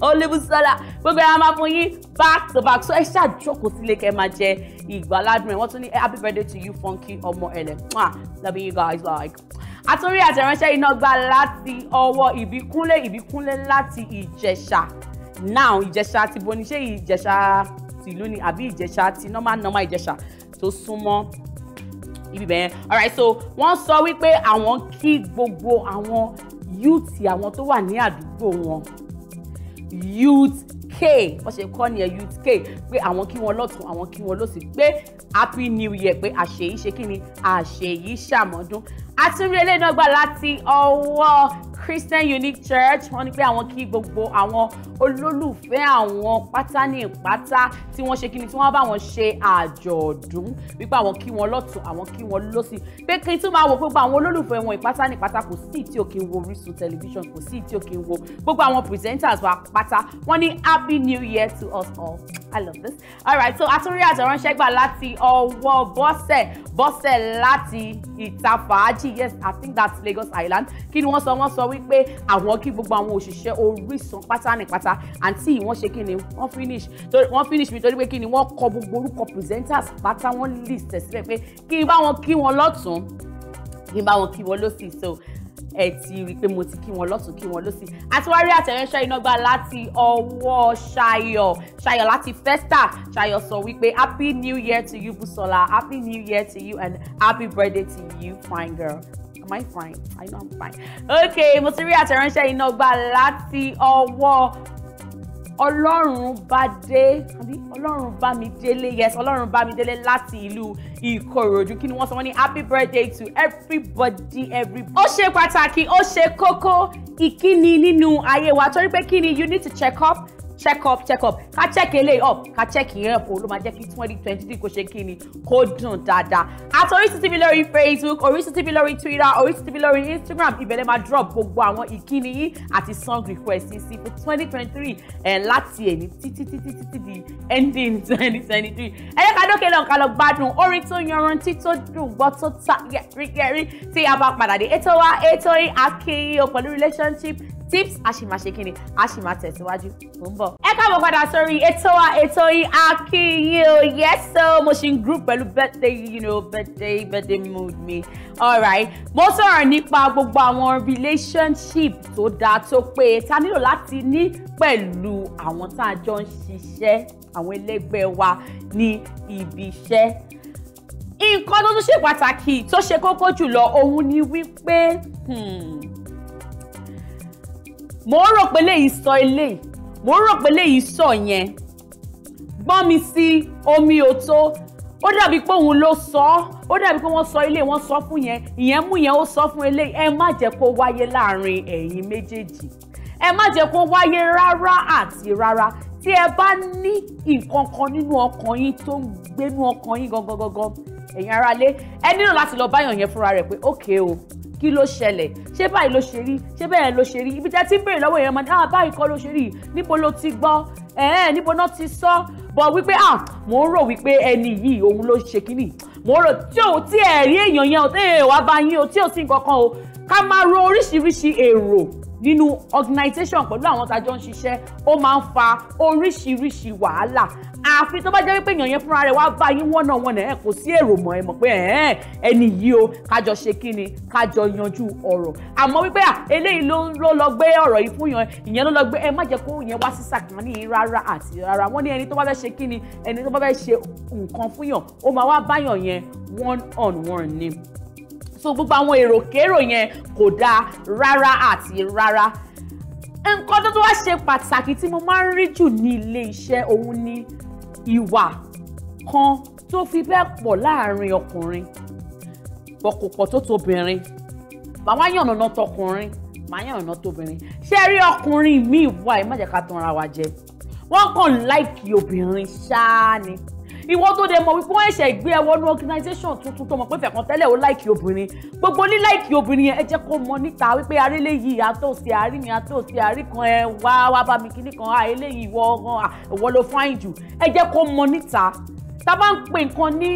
olúbùsọ́lá gbogbo ẹ̀ máa fún yín back to back so ẹ ṣàjọkò sílé kẹ́ máa jẹ ìgbàládùn ẹ̀ wọ́n tún ní happy birthday to you funky ọmọ ẹ̀lẹ̀ love you guys like àtúrí àtẹ̀ránṣẹ́ iná gbà láti ọwọ́ ìbíkúnlé ìbíkúnlé láti ìjẹ̀ṣà now ìjẹ̀ṣà ti bo ní ṣé ìjẹ̀ṣà tìlú ni àbí ìjẹ̀ṣà ti normal normal ìjẹ̀ṣà tó súnmọ́ ibi bẹ́ẹ̀ alright so wọ́n sọ wípé àwọn kí gbogbo àwọn youth àwọn tó wà ní àdúgbò wọn youth k wọ́n ṣe kọ́ ni ẹ̀ youth k pé àwọn kí wọn lọ́tún àwọn kí wọn lọ́sì pé happy new year pé àṣeyí ṣe kí ni àṣeyí ṣàmọ́dún àtúnrí eléyìí náà gbà láti ọwọ́ Christian Unique Church wọ́n ní pé àwọn kí gbogbo àwọn olólùfẹ́ àwọn pátá ní ìpátá tí wọ́n ṣe kíni tí wọ́n bá wọn ṣe àjọ̀dún wípé àwọn kí wọn lọ́tún àwọn kí wọn lọ́sì pé kí n tún máa wò gbogbo àwọn olólùfẹ́ wọn ìpátá ní ìpátá kò sí tí ò kí n wo Orísun tẹlifíṣàn kò sí tí ò kí n wo gbogbo àwọn presenters wa pátá wọ́n ní happy new year to us all I love this All right. so àtúnrí àtọ̀ránṣẹ́ gbà láti ọwọ́ bọ́sẹ̀ bọ́sẹ̀ láti ìta fàájì yes I think that's Lagos Island kí ni wọ́n sọ wọ́n sọ sọ wípé àwọn kí gbogbo àwọn òṣìṣẹ́ Orísun pátá ní pátá àǹtí wọ́n ṣe kí ni wọ́n finish wọ́n finish mi torí pé kí ni wọ́n kọ gbogbo orúkọ presenters pátá wọ́n list ẹ̀ síbẹ̀ pé kí n bá wọn kí wọn lọ́tún kí n bá wọn kí wọn lọ́sì so ẹ ti rí i pé mo ti kí wọn lọ́tún kí wọn lọ́sì àti wá rí àtẹ̀rẹ́ṣẹ́ iná gbà láti ọwọ́ ṣayọ̀ ṣayọ̀ láti festa ṣayọ̀ sọ wípé happy new year to you Busola happy new year to you and happy birthday to you fine girl Am I fine? I know I'm fine. Okay, mo ti rí àtẹ̀ránṣẹ́ iná gbà láti ọwọ́ ọlọ́run bá dé ọlọ́run bá mi délé yes ọlọ́run bá mi délé láti ìlú ìkòròdú kí ni wọ́n sọ wọ́n ní happy birthday to everybody everybody. ó ṣe pàtàkì ó ṣe kókó ìkíni nínú ayé wa torí pé kí ni you need to check up check up check up ká check eléyìí up ká check yẹn up òun ló máa jẹ́ kí twenty twenty three kò ṣe kí ni kó dùn dáadáa àti Orísun TV lórí Facebook Orísun TV lórí Twitter Orísun TV lórí Instagram ìbẹ̀lẹ̀ máa drop gbogbo àwọn ìkíni yìí àti song request sí fún twenty twenty three ẹ̀ láti ẹ̀ní títí títí títí di ending twenty twenty three ẹ jẹ́ ká dókè lọ́n ká lọ gbádùn orin tó yanrantí tó dùn gbọ́ tó ta yẹ̀rí yẹ̀rí tí a bá padà dé ètò wa ètò yìí AkiiYin o relationship tips a sì máa ṣe kíni a sì máa tẹ̀síwájú mò ń bọ̀. ẹ káàbọ̀ padà sórí ètò wa ètò yìí AkiiYin o yes o mo ṣì ń group pẹ̀lú birthday you know birthday birthday mood mi alright mo sọ̀rọ̀ nípa gbogbo àwọn relationship tó dáa tó pé ta nílò láti ní pẹ̀lú àwọn tá a jọ ń ṣiṣẹ́ àwọn ẹlẹ́gbẹ́ wa ní ibi iṣẹ́ nǹkan tó tún ṣe pàtàkì tó ṣe kókó jùlọ òun ni wípé. Hmm, mo ń rò pé léyìí sọ eléyìí mo ń rò pé léyìí sọ yẹn gbọ́n mi sí omi ò tó ó dàbí pé òun ló sọ ọ́ ó dàbí pé wọ́n sọ ilé wọ́n sọ fún yẹn ìyẹn mú yẹn ó sọ fún eléyìí ẹ má jẹ́ kó wáyé láàrin ẹ̀yin méjèèjì ẹ má jẹ́ kó wáyé rárá àti rárá tí ẹ bá ní nǹkan kan nínú ọkàn yín tó ń gbénú ọkàn yín gangan gangan ẹ̀yin aráalé ẹ nílò láti lọ báyọ̀ yẹn fúnra rẹ̀ pé ókè o kí ló ṣẹlẹ̀ ṣé báyìí ló ṣe rí ṣé bẹ́ẹ̀ ló ṣe rí ibi tẹ́ ti ń béèrè lọ́wọ́ èèyàn máa ní ah báyìí kọ́ ló ṣe rí níbo ló ti gbọ́ ẹ̀ẹ́ níbo náà ti sọ bọ̀ wípé ah mò ń rò wípé ẹni yìí òun ló ṣe kínní mò ń rò tí òun tí ẹ̀rí èèyàn yẹn ò tẹ́ ẹ̀ wá bá yín o tí ò sí nǹkan kan o ká máa ro oríṣiríṣi èrò nínú organisation pẹ̀lú àwọn tá a jọ ń ṣiṣẹ́ ó máa ń fa oríṣiríṣi wàhálà àfi tó bá jẹ́ wípé èèyàn yẹn fúnra rẹ̀ wá bá yín wọ́nà wọ́nà ẹ̀ kò sí èrò mọ́ ẹ mọ̀ pé ẹ̀ẹ́n ẹni yìí o kájọ ṣe kí ni kájọ yanjú ọ̀rọ̀ àmọ́ wípé à eléyìí ló lọ gbé ọ̀rọ̀ yìí fún yàn ìyẹn ló lọ gbé ẹ má jẹ́ kó yẹn wá sí sàkání rárá àti rárá wọ́n ní ẹni tó bá fẹ́ ṣe kí ni ẹni tó bá fẹ́ ṣe nǹkan fún yàn ó máa wá báyàn yẹn one on one ni so gbogbo àwọn èròkérò yẹn kò dáa rárá àti rárá nǹkan tó tó wá ṣe pàtàkì tí mo máa ń rí jù ní ilé iṣẹ́ òun ni ìwà kan tó fi bẹ́ẹ̀ pọ̀ láàrin ọkùnrin pọ̀kùpọ̀ tó tóbìnrin màá wá yànnàná tọkùnrin màá yànnàná tóbìnrin ṣé rí ọkùnrin mi ìwà ẹ̀ má jẹ́ ká tanra wa jẹ wọ́n kàn láìkì obìnrin ṣáá ni. Like ìwọ tó dẹ̀ mọ̀ wípé wọ́n ẹ̀ṣẹ̀ gbé ẹ wọnú organisation tuntun tó mọ̀ pé fẹ̀kan tẹ́lẹ̀ ó láìkì obìnrin gbogbo ní láìkì obìnrin yẹn ẹ jẹ́ kó mọ̀ níta wípé arélé yìí àtọ̀ sí àárín mi àtọ̀ sí àárín kan ẹ wá wá bá mi kíní kan àélé yìí ìwọ ọ̀hún ìwọ ló fáìn jù ẹ jẹ́ kó mọ̀ níta tá a bá ń pè nǹkan ní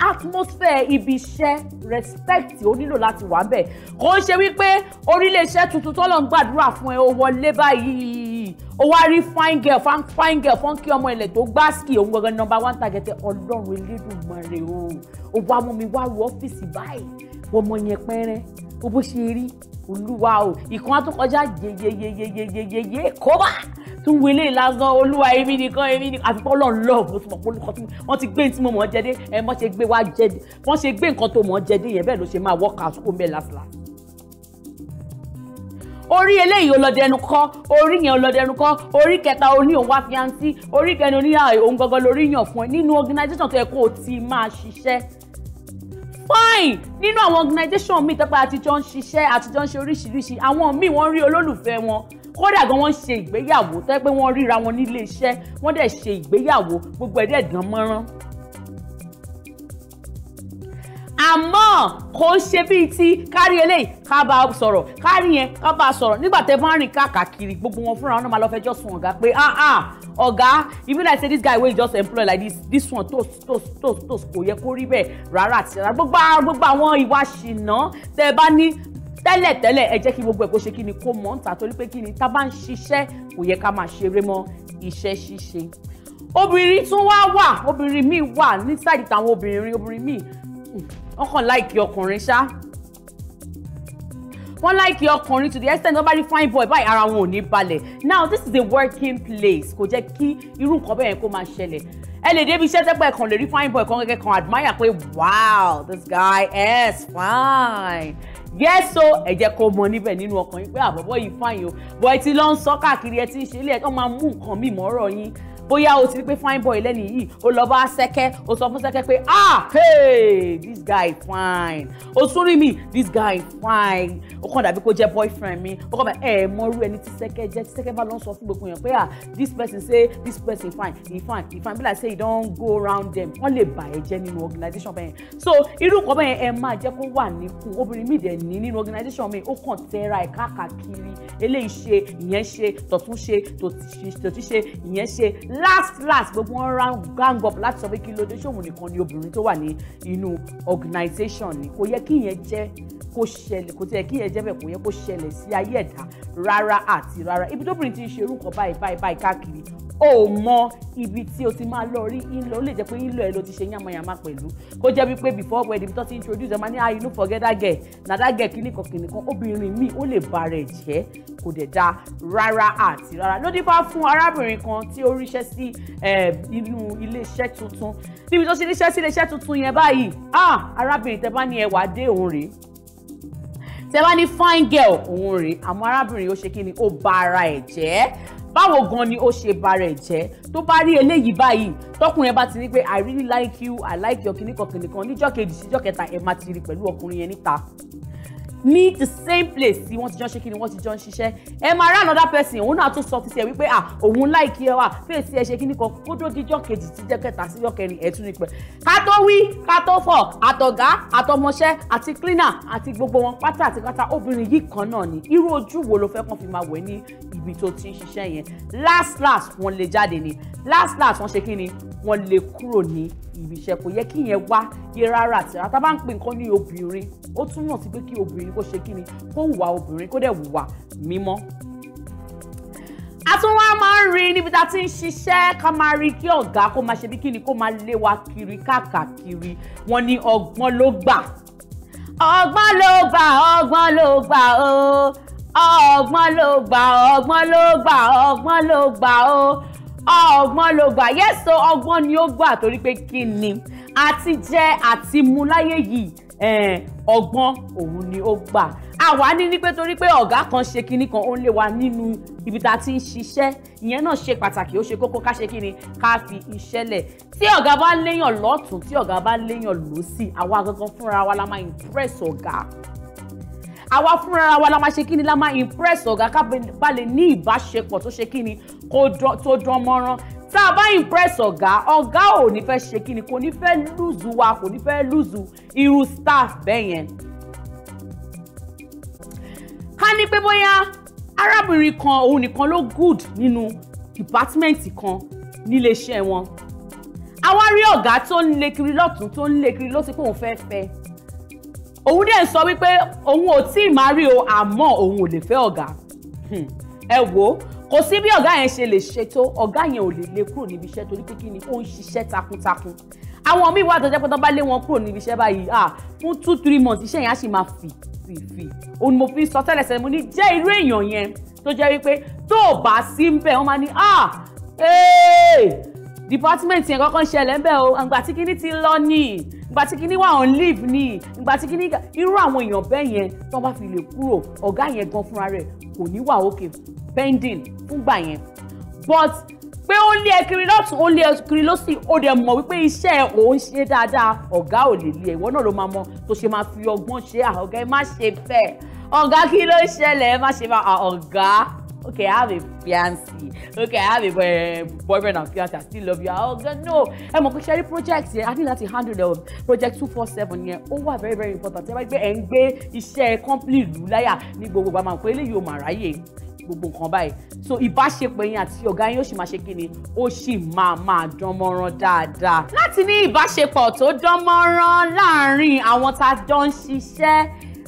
atmosphere ibi iṣẹ́ respect ó nílò láti wà bẹ́ẹ̀ kò ń ṣe wípé orílẹ̀-iṣẹ́ tuntun tọ́lọ̀ ń gbàdúrà fún ẹ ó wọlé báyìí ó wá rí fine girl fine girl fọ́nkí ọmọ ilẹ̀ tó gbá ski òun gangan number one target ọlọ́run elédùnmarè o ó wá mú mi wá wo ọ́fíìsì báyìí ọmọ yẹn pẹ́rẹ́ ó bó ṣe rí olúwa o ìkan á tún kọjá yeyeyeyeyeyeye kóbá tún wo eléyìí lásán olúwa èmi nìkan èmi nìkan àti pọ́ lọ́n lọ́ọ̀ mo ti mọ̀ pé olùkọ́ tí wọ́n ti gbé tí mo mọ̀ jẹ́dé ẹ mọ́ ṣe gbé wá jẹ́dé wọ́n ṣe gbé nǹkan tó mọ̀ jẹ́dé yẹn bẹ́ẹ̀ ló ṣe máa wọ́ọ̀kà àsìkò mẹ́ lásìlá. orí eléyìí ọlọ́dẹnu kọ́ orí yẹn ọlọ́dẹnu kọ́ orí kẹta oní òun wá fi àǹtí orí kẹni oní òun gangan lórí yàn fún ẹ nínú organisation tó yẹ kó o ti máa ṣiṣẹ́ fine nínú àwọn organisation míì tọ́pẹ́ àtijọ́ ń ṣiṣẹ́ àtijọ́ ń ṣe oríṣiríṣi àwọn míì wọ́n rí olólùfẹ́ wọn kódà gan wọ́n ṣe ìgbéyàwó tó yẹ pé wọ́n ríra wọn nílé iṣẹ́ wọ́n dẹ̀ ṣe ìgbéyàwó gbogbo ẹ̀ dẹ̀ dán mọ́rán. àmọ́ kò ṣe bíi ti kárí eléyìí ká bá a sọ̀rọ̀ kárí yẹn ká bá a sọ̀rọ̀ nígbà tẹ́ bá ń rìn káàkiri gbogbo wọn fúnra wọn náà máa lọ fẹjọ́ sùn ọ̀gá pé ah ah ọ̀gá even like say this guy wey you just employ like this this one toast toast toast toast kò yẹ kó rí bẹ́ẹ̀ rárá àti rárá gbogbo àwọn ìwà ṣìnà tẹ́ bá ní tẹ́lẹ̀tẹ́lẹ̀ ẹ jẹ́ kí gbogbo ẹ̀ kó ṣe kí ni kó mọ̀ ń ta torí pé kí ni tá a bá ń ṣiṣẹ́ kò yẹ ká máa ṣeré mọ́ iṣẹ́ ṣíṣe obìnrin tún wá wà obìnrin míì wà ní sáìdì táwọn obìnrin obìnrin míì wọ́n kàn láìkí ọkùnrin ṣá wọ́n láìkí ọkùnrin to the extent wọ́n bá rí fine boy báyìí ara wọn ò ní balẹ̀ now this is a working place kò jẹ́ kí irú nǹkan bẹ́ẹ̀ yẹn kó máa ṣẹlẹ̀ ẹ lè débi iṣẹ́ tẹ́pẹ́ kan lè rí fine boy kan kẹ́kẹ́ kan admire pé wow this guy is fine yes o ẹ jẹ́ kó mọ níbẹ̀ nínú ọkàn yín pé àbọ̀bọ̀ ah, yìí fáyín o bọ̀ ẹ ti lọ ń sọ káàkiri ẹ ti ń ṣe ilé ẹ tó máa mú nǹkan míì mọ́rọ̀ yín bóyá o ti rí pé fine boy lẹ́nu yìí o lọ bá sẹ́kẹ́ o sọ fún sẹ́kẹ́ pé ah hey this guy fine o tún rí mi this guy fine o kàn dàbí kó jẹ́ boyfriend mi o kàn bá ẹ̀ mọ rú ẹni tí sẹ́kẹ́ jẹ́ tí sẹ́kẹ́ bá lọ sọ fún gbogbo yẹn pé ah this person say this person fine he fine he fine be like say he don go round them wọ́n lè bà ẹ́ jẹ́ nínú organisation bẹ́ẹ̀ so irú nǹkan bẹ́ẹ̀ ẹ máa jẹ́ kó wà níkùn obìnrin mi dẹ̀ ní nínú organisation mi ó kàn tẹ́ra ẹ̀ káàkiri eléyìí ṣe ìyẹn ṣe tọ̀tún ṣe tòtí ṣe ìyẹn ṣe last last gbogbo wọn round gang up láti sọ pé kí ló dé ṣòwò nìkan ni obìnrin tó wà ní inú organisation ni kò yẹ kí yẹn jẹ́ kó ṣẹlẹ̀ kò tiẹ̀ kí yẹn jẹ́ bẹ́ẹ̀ kò yẹ kó ṣẹlẹ̀ sí ayé ẹ̀dá rárá àti rárá ibi tóbìnrin ti ń ṣerú nǹkan báyìí báyìí báyìí káàkiri o ò mọ ibi tí o ti máa lọ rí ìlò ó lè jẹ́ pé ìlò ẹ̀ ló ti ṣe yànmọ̀yànmọ̀ pẹ̀lú kó jẹ́ wípé before wedding tó ti introduce ẹ máa ní ah inú forget that girl na that girl kìíní kan kìíní kan obìnrin míì ó lè ba rẹ̀ jẹ́ kò dẹ̀ da rárá àti rárá ló dífá fún arábìnrin kan tí ó ríṣẹ́ sí eh, inú iléeṣẹ́ tuntun níbi tó ṣe ríṣẹ́ sí iléeṣẹ́ tuntun yẹn báyìí ah arábìnrin tẹ bá ní ẹwà dé òun rèé tẹ bá ní fine girl òun rèé àmọ́ arábìnrin ó ṣe kí ni ó ba ara ẹ̀ jẹ́ báwo gan ni ó ṣe bara ẹ̀ jẹ́ tó bá rí eléyìí báyìí tọkùnrin bá ti ní pé i really like you i like your kìnnìkan kìnnìkan níjọ́ kejì síjọ́ kẹta ẹ̀ máa ti rí pẹ̀lú ọkùnrin yẹn níta ní the same place tí wọ́n ti jọ ń ṣe kí ni wọ́n ti jọ ń ṣiṣẹ́ ẹ máa rí another person òun náà tún sọ ti ṣe wípé ah òun láìkí ẹ wà fèsì ẹ ṣe kí ni kan kó tó díjọ́ kejì tíjọ́ kẹta síjọ́ kẹrin ẹ̀ tún ní pẹ́ ká tó wí ká tó fọ̀ àtọ̀gá àtọmọṣẹ́ àti cleaner àti gbogbo wọn pátá àti pátá obìnrin yìí kan náà ni irú ojú wo ló fẹ́ kàn fi máa wẹ̀ ní ibi tó ti ń ṣiṣẹ́ yẹn last last wọ́n lè jáde ni last last wọ́n ṣe kí ni wọ́n lè kúrò ní ibi iṣẹ́ kò yẹ kí yẹn wá yé rárá àti rárá tá a bá ń pè nǹkan ní obìnrin ó túmọ̀ sí pé kí obìnrin kó ṣe kí ni kó wà obìnrin kó dẹ̀ wà mímọ́ a tún wá máa ń rí níbi tá a ti ń ṣiṣẹ́ ká máa rí kí ọ̀gá kó máa ṣe bí kíni kó máa lé wa kiri káàkiri wọn ní ọgbọ́n ló gbà ọgbọ́n ló gbà ọgbọ́n ló gbà o ọgbọ́n ló gbà ọgbọ́n ló gbà ọgbọ́n ló gbà o ọgbọ́n ló gbà yẹ́sọ ọgbọ́n ni ó gbà torí pé kíni àti jẹ àti mu láyé yìí Eh, ọgbọ́n òun ni ó gbà àwa ní ní pé torí pé ọ̀gá kan ṣe kinní kan ó lé wa nínú ibi tá a ti ń ṣiṣẹ́ ìyẹn náà ṣe pàtàkì ó ṣe kókó ká ṣe kinní ká fi iṣẹ́ lẹ̀ tí ọ̀gá bá léyàn lọ́tún tí ọ̀gá bá léyàn lọ́sì àwa gangan fúnra wa la máa impress ọ̀gá àwa fúnra wa la máa ṣe kíni la máa impress ọ̀gá ká bá lè ní ìbáṣepọ̀ tó ṣe kíni tó dán mọ́rán tá a bá impress ọ̀gá ọ̀gá ò ní fẹ́ ṣe kí ni kò ní fẹ́ lùzù wa kò ní fẹ́ lùzù irú staff bẹ́ẹ̀ yẹn. ká ní pé bóyá arábìnrin kan òun nìkan ló good nínú dìpátímẹ́ǹtì kan níléeṣẹ́ wọn àwa rí ọ̀gá tó ń lé kiri lọ́tún tó ń lé kiri ló ti pé òun fẹ́ẹ́ fẹ́ òun dẹ̀ sọ wípé òun ò tí ì má rí o àmọ́ òun ò lè fẹ́ ọ̀gá hmm. ẹ wò ó kò sí bí ọ̀gá yẹn ṣe lè ṣètò ọ̀gá yẹn ò lè lé kúrò níbi iṣẹ́ torí pé kí ni ó ń ṣiṣẹ́ takuntakun àwọn míì wà tó jẹ́ bá lé wọn kúrò níbi iṣẹ́ báyìí ah fún two three months iṣẹ́ yẹn á sì máa fì fì fì òun mo fi sọ tẹ́lẹ̀ sẹ́ni mo ní jẹ́ irú èèyàn yẹn tó jẹ́ wípé tó o bá sí ń bẹ̀ wọ́n máa ní ah ee department yẹn kọ́kọ́ ń ṣẹlẹ̀ ń bẹ̀ o àgbà tí kinní ti lọ nìyí ìgbà tí kíní wà on leave ni ìgbà tí kíní irú àwọn èèyàn bẹ́ẹ̀ yẹn tó bá fi lè kúrò ọ̀gá yẹn gan fúnra rẹ̀ kò ní wà òkè Pending, fúngbà yẹn but pé ó lé ẹ kiri lọ́tún ó lé ẹ kiri lọ́sì ó dẹ̀ mọ̀ wípé iṣẹ́ òun ṣe dáadáa ọ̀gá ò lè lé ẹ ìwọ náà ló máa mọ tó ṣe máa fi ọgbọ́n ṣe ọ̀gá ẹ má ṣe bẹ́ẹ̀ ọ̀gá kí ló ń ṣẹlẹ̀ ẹ má ṣe máa ọ̀gá okay i have a fiancé okay i have a uh, boyfriend and fiancé i still love you oh no ẹ mọ̀ pé ṣẹ́rí project yẹn i need láti handle the project two four seven yẹn ó wà very very important ẹ bá gbé ẹ ń gbé iṣẹ́ company lù láyà ní gbogbo àmọ́ pé eléyìí ò mà ráyè gbogbo nǹkan báyìí so ìbáṣepọ̀ yín àti ọ̀gá yín ó sì máa ṣe kí ni ó sì máa máa dán mọ́rán dáadáa. láti ní ìbáṣepọ̀ tó dán mọ́rán láàárín àwọn tá a jọ ń ṣiṣẹ́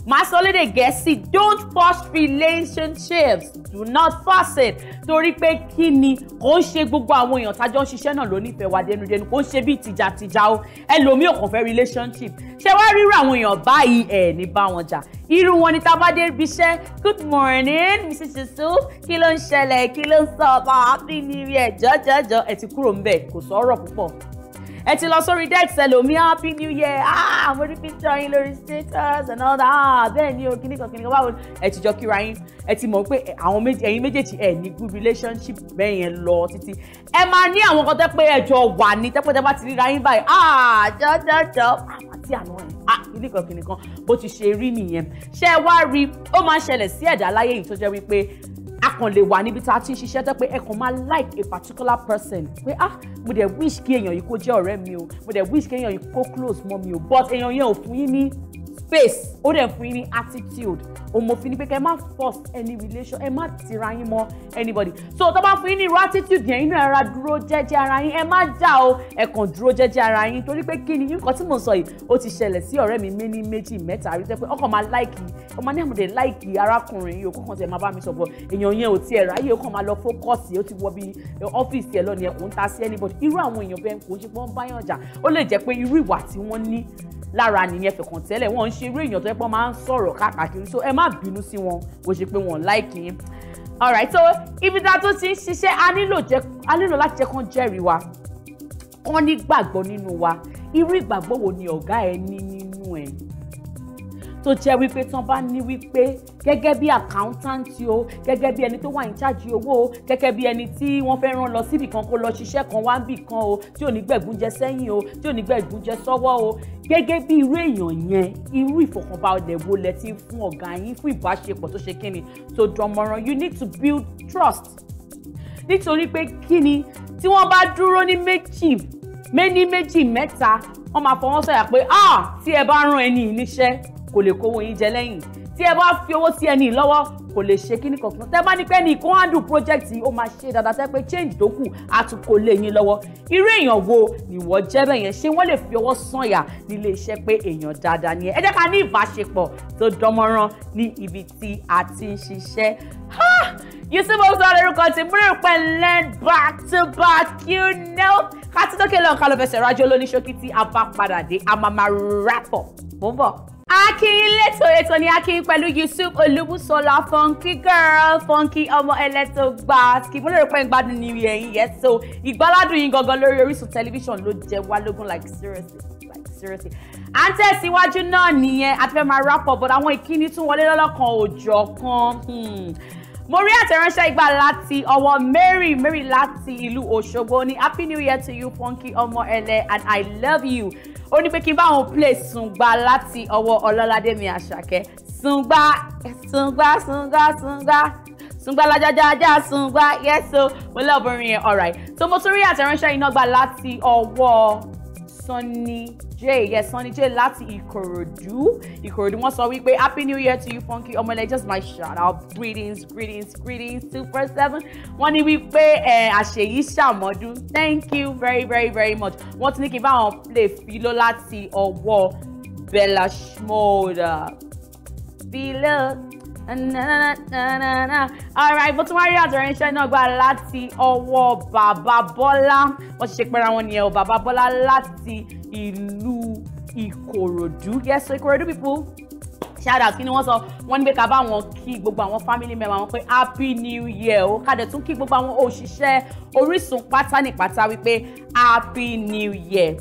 máa sọ lédè gẹ̀ẹ́sì don't force relationships do not force it torí pé kí ni kò ń ṣe gbogbo àwọn èèyàn tájọ́ ń ṣiṣẹ́ náà ló nífẹ̀ẹ́ wa dénúdénú kò ń ṣe bíi tìjàtìjà o ẹlòmíì ò kàn fẹ́ relationship ṣé wàá rírú àwọn èèyàn báyìí ẹ̀ ní bá wọn jà irú wọn ni tá a bá dé ibi iṣẹ́ good morning mrs yusuf kí ló ń ṣẹlẹ̀ kí ló ń sọ ọba happy new year jọjọjọ ẹ ti kúrò ń bẹ̀ kò sọ púpọ̀ ẹ ti lọ sórí dex ẹlòmí happy new year ah mo rí picture yín lórí status and all that ah bẹ́ẹ̀ ni o kíní kan kíní kan báwo ẹ ti jọ kíra yín ẹ ti mọ̀ pé àwọn ẹ̀yin méjèèjì ẹ̀ ní good relationship bẹ́ẹ̀ yẹn lọ títí ẹ máa ní àwọn kan tẹ́ pé ẹ jọ wà ní tẹ́ pé ti ríra yín báyìí ah jọjọjọ àti àná yẹn ah kíní kan kíní kan bó ti ṣe rí nìyẹn ṣé ẹ wá rí ó máa ń ṣẹlẹ̀ sí ẹ̀dá láyé yìí tó jẹ́ wípé a kàn lè wà níbi tá a ti ń ṣiṣẹ́ tẹ́ pé ẹ máa like a particular person pé ah mo dẹ̀ wish kí èèyàn yìí kó jẹ́ ọ̀rẹ́ mi o mo dẹ̀ wish kí èèyàn yìí kó close mọ́ mi o but èèyàn yẹn ò fún yín ní space ó dẹ̀ fún yín ní attitude òun mo fi ní pé kẹ́ ẹ má force any relation ẹ má tira yín mọ́ anybody so tó bá fún yín ní irú attitude yẹn inú ara dúró jẹ́jẹ́ ara yín ẹ má jà o ẹ kàn dúró jẹ́jẹ́ ara yín torí pé kí ni nǹkan tí mo sọ yìí ó ti ṣẹlẹ̀ sí ọ̀rẹ́ mi méní méjì mẹ́ta rí jẹ́ pé ọkàn máa láìkì ọmọ ní àmọ̀dé láìkì arákùnrin yìí òkùnkàn tiẹ̀ máa bá mi sọ bọ̀ èèyàn yẹn ò tiẹ̀ ráyè ó kàn máa lọ fókọ̀sì ó ti wọ bí ọ́fíìsì ẹ̀ lọ ni ẹ̀ kò ń ta sí anybody irú àwọn èèyàn bẹ́ẹ̀ kò ń ṣe pé wọ́n báyàn jà ó lè jẹ́ pé irú ìwà tí wọ́n ní lára nìyẹn fẹ̀kàn tẹ́lẹ̀ wọ́n ń ṣe irú èèyàn tó yẹ pé máa ń sọ̀rọ̀ káàkiri so ẹ má bínú sí wọn bó ṣe pé wọ́n láìkì yín. alright so ibi tá a tó ti ń ṣiṣẹ́ a nílò láti jẹ́ kán jẹ́rìí wa kán nígbàgbọ́ nínú wa irú ìgbàgbọ́ wo ni ọ̀gá ẹ ní ní tó jẹ́ wípé tán bá ní wípé gẹ́gẹ́ bí accountant o gẹ́gẹ́ bí ẹni tó wà in charge owó o gẹ́gẹ́ bí ẹni tí wọ́n fẹ́ rán lọ síbì kan kó lọ ṣiṣẹ́ kan wá bì kan o tí ò ní gbẹ̀gúnjẹ sẹ́yìn o tí ò ní gbẹ̀gúnjẹ sọ́wọ́ o gẹ́gẹ́ bí irú èèyàn yẹn irú ìfọ̀kànbalẹ̀ wo lẹ ti fún ọ̀gá yín fún ìbáṣepọ̀ tó ṣe kíni tó dánmọ́rán you need to build trust nítorí pé kíni tí wọ́n bá dúró ní méjì méní méjì mẹ́ta wọ́n máa fọwọ́ sọ̀yà pé ah tí ẹ bá rán ẹni níṣẹ́ kò lè kówó yín jẹ lẹ́yìn tí ẹ bá fi owó sí ẹni lọ́wọ́ kò lè ṣe kíní kankan tẹ bá ní pẹ́ ní kó handle project yìí ó máa ṣe dáadáa tẹ́ pé change tó kù á tún kó lé yín lọ́wọ́ irú èèyàn wo ni wọ́n jẹ́ bẹ́ẹ̀ yẹn ṣé wọ́n lè fi ọwọ́ sànyà nílé iṣẹ́ pé èèyàn dáadáa ni ẹ ẹ jẹ́ ká ní ìbáṣepọ̀ tó dánmọ́rán ní ibi tí a ti ń ṣiṣẹ́ yusuf ọsọ lórúkọ tí múlẹ̀ pẹ́ lẹ́n back to back you know ká tí tókè lọ́nkà lọ́fẹsẹ̀ rájọ́ lóníṣókí tí a bá padà dé a máa máa rap up bó bọ̀ akínyìn lẹ́tọ̀ ètò ni akínyìn pẹ̀lú Yusuf Olúbùsọ́lá funky girl funky ọmọ ẹlẹ́tọ̀ gbà kí mo lérò pé ń gbádùn ní ìrìn ẹ̀yìn yẹn so ìgbáládùn yín gangan lórí Orísun tẹlifíṣàn ló jẹ wá lógún like seriously like seriously à ń tẹ̀síwájú náà nìyẹn àti fẹ́ máa rápọ̀ bọ̀dọ̀ àwọn ìkíni tún wọlé lọ́lọ́kan òòjọ́ kan. Hmm mo rí àtẹ̀ránṣẹ́ igba láti ọwọ́ Mary Mary láti ìlú Òṣogbo ní happy new year to you funky ọmọ ẹlẹ and I love you ó ní pé kí n bá òun play sùngbà láti ọwọ́ Ọlọ́ládé mi Àṣàkẹ́ sùngbà sùngbà sùngbà sùngbà sùngbà lájájájá sùngbà yẹ́sọ mo lọ́ọ̀bù orin yẹn alright so mo tún rí àtẹ̀ránṣẹ́ iná gbà láti ọwọ́. Sunny J yes Sunny J láti Ìkòròdú Ìkòròdú wọ́n sọ wípé happy new year to you funky ọmọlẹ just my shout out greetings greetings greetings super seven wọ́n ní wípé ẹ àṣeyí ṣàmọ́dún thank you very very very much wọ́n ti ní kí n bá wọn play filo láti ọwọ́ Bella Schmoder filo alright bó tún wá rí àtẹ̀rẹ́sẹ́ náà gbà láti ọwọ́ bàbá Bọ́lá wọ́n ṣe pẹ́ra wọn nìyẹn o bàbá Bọ́lá láti ìlú Ìkòròdú yes so Ìkòròdú people shout out kí ni wọ́n sọ wọ́n ní pé ká bá wọn kí gbogbo àwọn family member wọn pé happy new year ó ká dẹ̀ tún kí gbogbo àwọn òṣìṣẹ́ Orísun pátá ní pátá wípé happy new year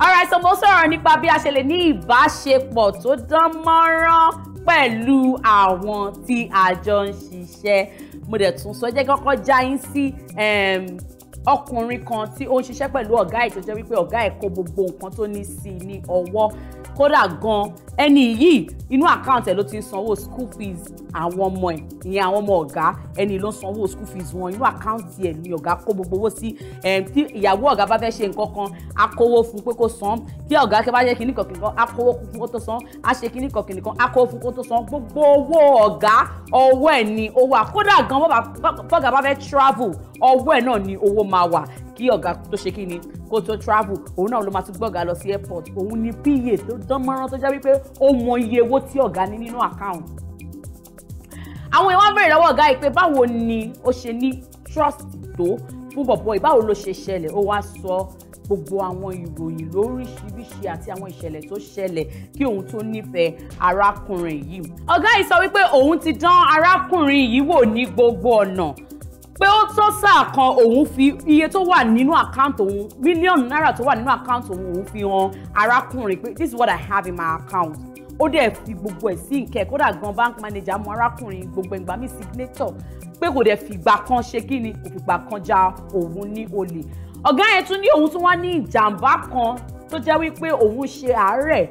alright so mo sọ̀rọ̀ nípa bí a ṣe lè ní ìbáṣepọ̀ tó dán mọ́rán pẹ̀lú àwọn tí a jọ ń ṣiṣẹ́ mo dẹ̀ tún sọ jẹ́ kọ́kọ́ já yín sí ehm, ọkùnrin kan tí ó ń ṣiṣẹ́ pẹ̀lú ọ̀gá ẹ̀ tó jẹ́ wípé ọ̀gá ẹ̀ kó gbogbo nǹkan tó ní sí i ní ọwọ́ kódà gan ẹni yìí inú àkáǹtì ẹ̀ ló ti ń sanwó school fees àwọn ọmọ ẹ̀ ìyẹn àwọn ọmọ ọ̀gá ẹni ló ń sanwó school fees wọn inú àkáǹtì ẹ̀ ni ọ̀gá kó gbogbo owó sí tí ìyàwó ọ̀gá bá fẹ́ ṣe nǹkan kan á kówó fún pé kó san tí ọ̀gá kẹ́ bá ṣe kinní kọ̀kìnì kan á kówó fún kó tó san á ṣe kinní kọ̀kìnì kan á kówó fún kó tó san gbogbo owó ọ̀gá ọwọ́ ẹ̀ ni owó àkódà gan bọ́gà bá fẹ́ travel ọwọ́ ẹ̀ náà ni owó máa wà kí ọ̀gá tó ṣe kí ni kó tó travel òun náà ló máa tún gbọ́gà lọ sí airport òun ni pa tó dánmọ́rán tó jẹ́ wípé ó mọ iye owó tí ọ̀gá ní nínú account àwọn èèyàn wá bèrè lọ́wọ́ ọ̀gá yìí pé báwo ni ó ṣe ní trust tó fún bọ̀bọ̀ yìí báwo ló ṣe ṣẹlẹ̀ ó wá sọ gbogbo àwọn ìròyìn lóríṣiríṣi àti àwọn ìṣẹ̀lẹ̀ tó ṣẹlẹ̀ kí òun tó nífẹ̀ẹ́ arákùnrin yìí. ọ̀gá yìí sọ wípé òun ti dán arákùnrin yìí wò ní gbogbo ọ̀nà pé ó tó sáà kan òun fi iye tó wà nínú àkáǹtì òun mílíọ̀nù náírà tó wà nínú àkáǹtì òun òun fi hàn arákùnrin pé this is what I have in my account ó dẹ̀ fi gbogbo ẹ̀ sí nkẹ́ kódà gan bank manager mọ arákùnrin gbogbo ẹ̀gbá mi signator pé kò dẹ̀ fìgbà kan ṣe kí ni kò fìgbà kan já òun ní olè ọ̀gá yẹn tún ní òun tún wá ní ìjàmbá kan tó jẹ́ wípé òun ṣe àárẹ̀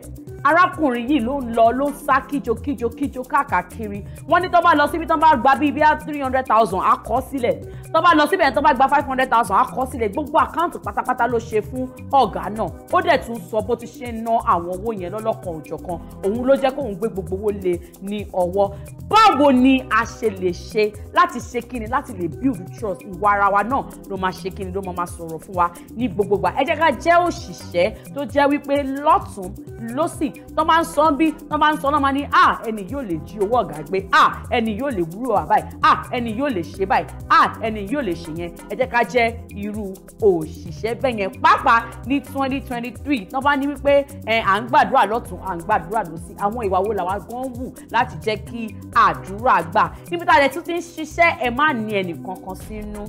arákùnrin yìí ló ń lọ ló ń sá kíjokíjokíjo káàkiri wọ́n ní tó bá lọ síbi tó bá gba bíi bíi three hundred thousand á kọ́ sílẹ̀ tó bá lọ síbẹ̀ tó bá gba five hundred thousand àkọsílẹ̀ gbogbo àkáǹtì pátápátá ló ṣe fún ọ̀gá náà ó dẹ̀ tún sọ bó ti ṣe ń ná àwọn owó yẹn lọ́lọ́kan òjọ̀kan òun ló jẹ́ kóun gbé gbogbo owó lé ní ọwọ́ báwo ni a ṣe lè ṣe láti ṣe kíni láti lè build trust ìwà ara wa náà ló máa ṣe kíni ló máa máa sọ̀rọ̀ fún wa ní gbogbo gbà ẹ jẹ́ ká jẹ́ òṣìṣẹ́ tó jẹ́ wípé lọ́tún lọ́sì tó máa ń sọ bí tó máa ń sọ náà máa ní à ẹni yóò lè jí owó ọ̀gá gbé à ẹni yóò lè wúrò àbáyé à ẹni yóò lè ṣe báyìí à ẹni obìnrin yóò lè ṣe yẹn ẹ jẹ́ ká jẹ́ irú òṣìṣẹ́ bẹ́ẹ̀ yẹn pàápàá ní twenty twenty three tó bá ní wípé à ń gbàdúrà lọ́tún à ń gbàdúrà lọ́sí àwọn ìwà wo làwa gan wù láti jẹ́ kí àdúrà gbà níbi tá a lè tún ti ń ṣiṣẹ́ ẹ má ní ẹnì kankan sínú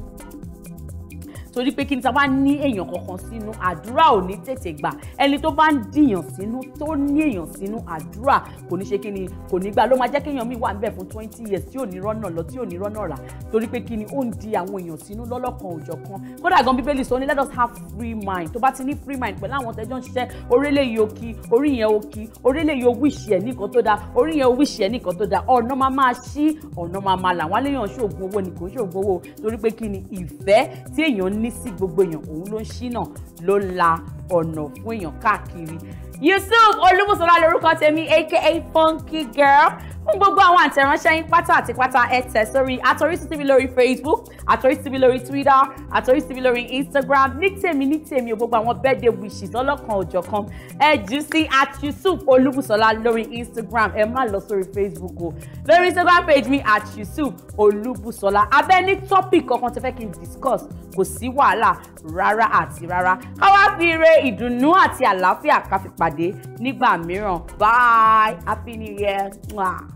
torí pé kí ni ta bá ní èèyàn kankan sínú àdúrà ò ní tètè gbà ẹni tó bá ń dìyàn sínú tó ní èèyàn sínú àdúrà kò ní ṣe kí ni kò ní gbà ló máa jẹ́ kéèyàn mi wà níbẹ̀ fún twenty years tí ò ní rọ́nà lọ tí ò ní rọ́nà rà torí pé kí ni ó ń di àwọn èèyàn sínú lọ́lọ́kan òjọ̀kan kódà gan bíbélì sọ ní let us have free mind tó bá ti ní free mind pẹ̀lú àwọn tẹ́jọ́ ń ṣiṣẹ́ orílẹ̀ yìí òkì orí yẹn òkì orílẹ̀ yìí owíṣì ẹ̀ nìkan tó dáa orí yẹn owíṣì ẹ̀ nìkan tó dáa ọ̀nà máa máa ṣí ọ̀nà máa máa là wọ́n á léèyàn ṣoògùn ní sí gbogbo èèyàn òun ló ń ṣínà ló ń la ọ̀nà fún èèyàn káàkiri Yusuf Olúbùsọ̀lá lórúkọ tèmi aka funky girl fún gbogbo àwọn àtẹ̀ránṣẹ́ yín pátá àti pátá ẹ tẹ̀ sórí àtọ́rísí lórí facebook àtọ́rísí tv lórí twitter àtọ́rísí tv lórí instagram ní tèmi ní tèmi ò gbogbo àwọn birthday wishes ọlọ́kan òjọ̀kan ẹ jù sí at yusuf olúbùsọ̀lá lórí instagram ẹ má lọ sórí facebook o lórí instagram page mi at yusuf olúbùsọ̀lá abẹ́ ní topic kankan tẹ́ fẹ́ kí n discuss kò sí wàhálà rárá àti rárá káwá fi re ìdùnnú àti àlàáfíà ká fi pàdé nígbà mìíràn bye happy new year. Mwah.